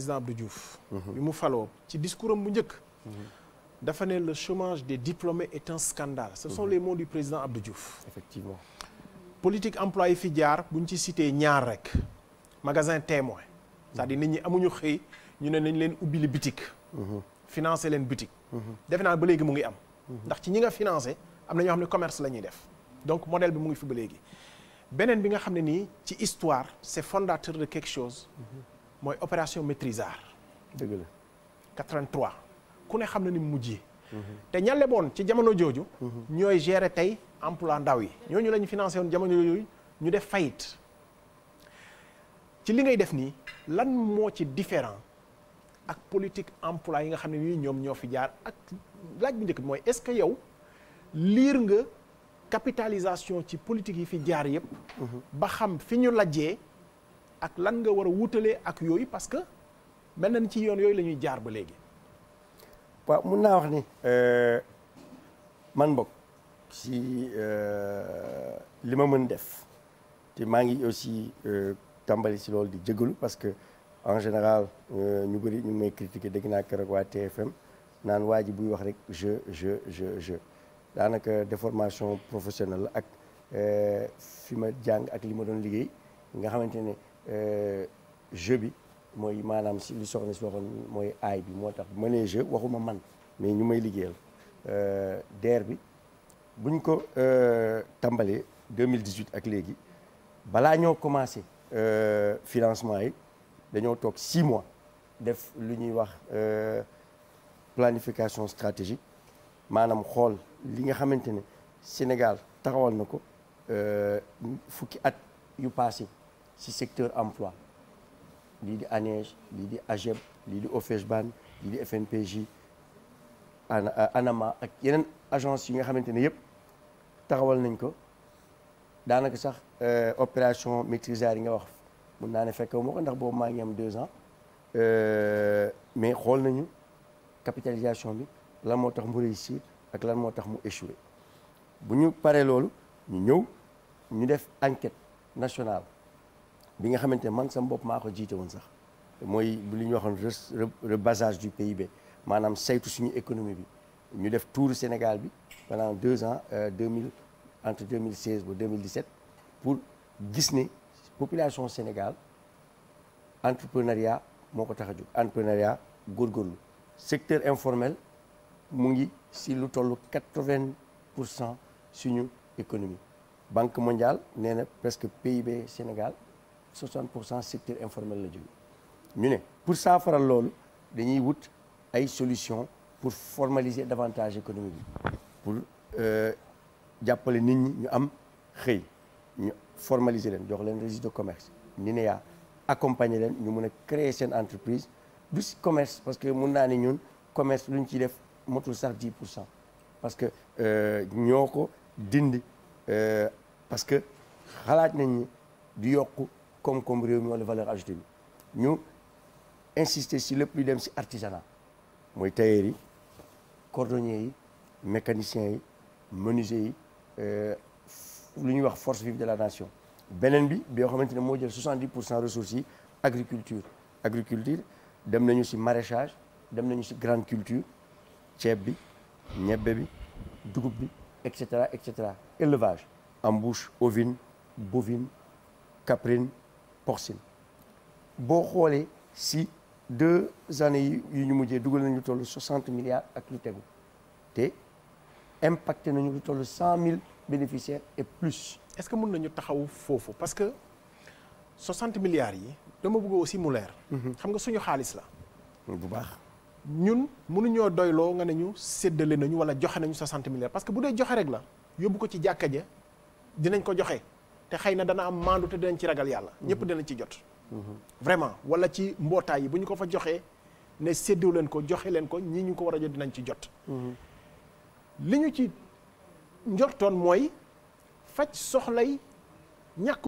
président Abdou Diouf. Mhm. bi mu faloo ci discours am bu njëkk. Mhm. dafa ne le chômage des diplômés est un scandale. ce sont mhm. les mots du président Abdou Diouf. effectivement politique emploi yi fi jaar bu ñu ci cité ñaar rek magasin témoin c'est-à-dire nit ñi amuñu xëy ñu ne nañ leen ubbili bitik. financé leen bitik. defe naa ba léegi mu ngi am. ndax ci ñi nga financé am na ñoo xam ne commerce la ñuy def donc modèle bi mu ngi fi ba léegi beneen bi nga xam ne nii ci histoire c'est fondateur de mooy opération maîtrisard. dëgg la 83 ku ne xam na ni mu mujjee. Mhm. te ña leboon ci jamono jooju. Mhm. ñooy gérer tey emploi ndaw yi. ñooñu la ñu financé woon jamono jooju ñu def fayit ci li ngay def nii lan moo ci différent ak politique emplois yi nga xam ne nii ñoom ñoo fi jaar ak laaj bu njëkk mooy est-ce que yow liir nga capitalisation ci politique yi fi jaar yépp mhm. ba xam fi ñu lajjee. ak lan nga war a wutalee ak yooyu parce que mel nañ ci yoon yooyu la ñuy jaar ba léegi. waaw mun naa wax ni euh, man mbokk si euh, li ma mën def te maa ngi aussi euh, tàmbali si loolu di jégalu parce que en général ñu bëri ñu may critiquer dégg naa keroog waa TFM naan waa ji buy wax rek je je je je daanaka déformation professionnelle ak fi ma jàng ak li ma doon liggéey nga xamante ne. Euh, jeu bi mooy maanaam si li soxna si waxoon mooy aay bi moo tax bu ma nee jeu waxuma man mais ñu may liggéeyal euh, DER bi buñ ko euh, tàmbalee 2018 ak léegi balaa ñoo commencé financement yi dañoo toog 6 mois def lu ñuy wax planification stratégique maanaam xool li nga xamante ne Sénégal taxawal na ko fukki at yu passé si secteur emploi lii di ANEJ lii di AGEB lii di OFEJBAN lii di FNPJ ANAMA ak yeneen agence yi nga xamante ne yëpp taxawal nañ ko daanaka sax euh, opération maîtrisard yi nga wax mun naa ne fekkewu ma ko ndax boobu maa ngi am deux ans euh, mais xool nañu capitalisation bi lan moo tax mu réussir ak lan moo tax mu échoué bu ñu paree loolu ñu ñëw ñu def enquête nationale bi nga xamante ne man sama bopp maa ko jiite woon sax mooy li ñuy waxoon rebasage du PIB maanaam saytu suñu économie bi ñu def tour Sénégal bi pendant deux ans euh, deux mille entre deux mille seize ba deux mille dix pour gis ne population Sénégal entrepreneuriat moo ko tax a jóg entrepreneuriat góorgóorlu secteur informel mu ngi si lu toll quatre vingt pour cent suñu économie Banque mondiale nee na presque PIB Sénégal. 60 pour cent secteur informel la jóge ñu ne pour saafaral loolu dañuy wut ay solution pour formaliser davantage économie bi pour euh, jàppale nit ñi ñu am xëy ñu formaliser leen jox leen registre de commerce ni ne yaa accompagner leen ñu mën a créer seen entreprise du si commerce parce que mun naa ne ñun commerce lu ñu ci def motul sax 10 pour cent parce que euh, ñoo ko dindi euh, parce que xalaat nañ ni du yokk koom-koom réew mi wala valeur ajoutée bi ñu insister si lépp lu dem si artisanat mooy tailleurs yi cordonniers yi mécaniciens yi menuisiers yi euh, lu ñuy wax force vive de la nation beneen bi bi yoo xamante ne moo jël 70 pour cent ressources yi agriculture agriculture dem nañu si maraichage dem nañu si grande culture ceeb bi ñebbe bi dugub bi et cetera et cetera élevage embouche ovine bovine caprine porcine boo xoolee si deux années yi ñu mujjee dugal nañu toll soixante milliards ak lu tegu te impacté nañu lu toll cent mille bénéficiaires et plus. est-ce que mën nañu taxaw foofu parce que soixante milliards yi dama bëgg aussi mu leer. Mhm. xam nga suñu xaalis la. bu baax. ñun mënuñoo doyloo nga ne ñu séddale nañu wala joxe nañu soixante milliards parce que bu dee joxe rek la yóbbu ko ci jàkka ja dinañ ko joxe. te xëy na dana am maandu te dinañ ci ragal yàlla ñëpp danañ ci jot vraiment wala ci mbootaay yi bu ñu ko fa joxee ne séddiw leen ko joxe leen ko ñii ñu ko war a jot dinañ ci jot li ñu ci njortoon mooy faj soxlay ñàkk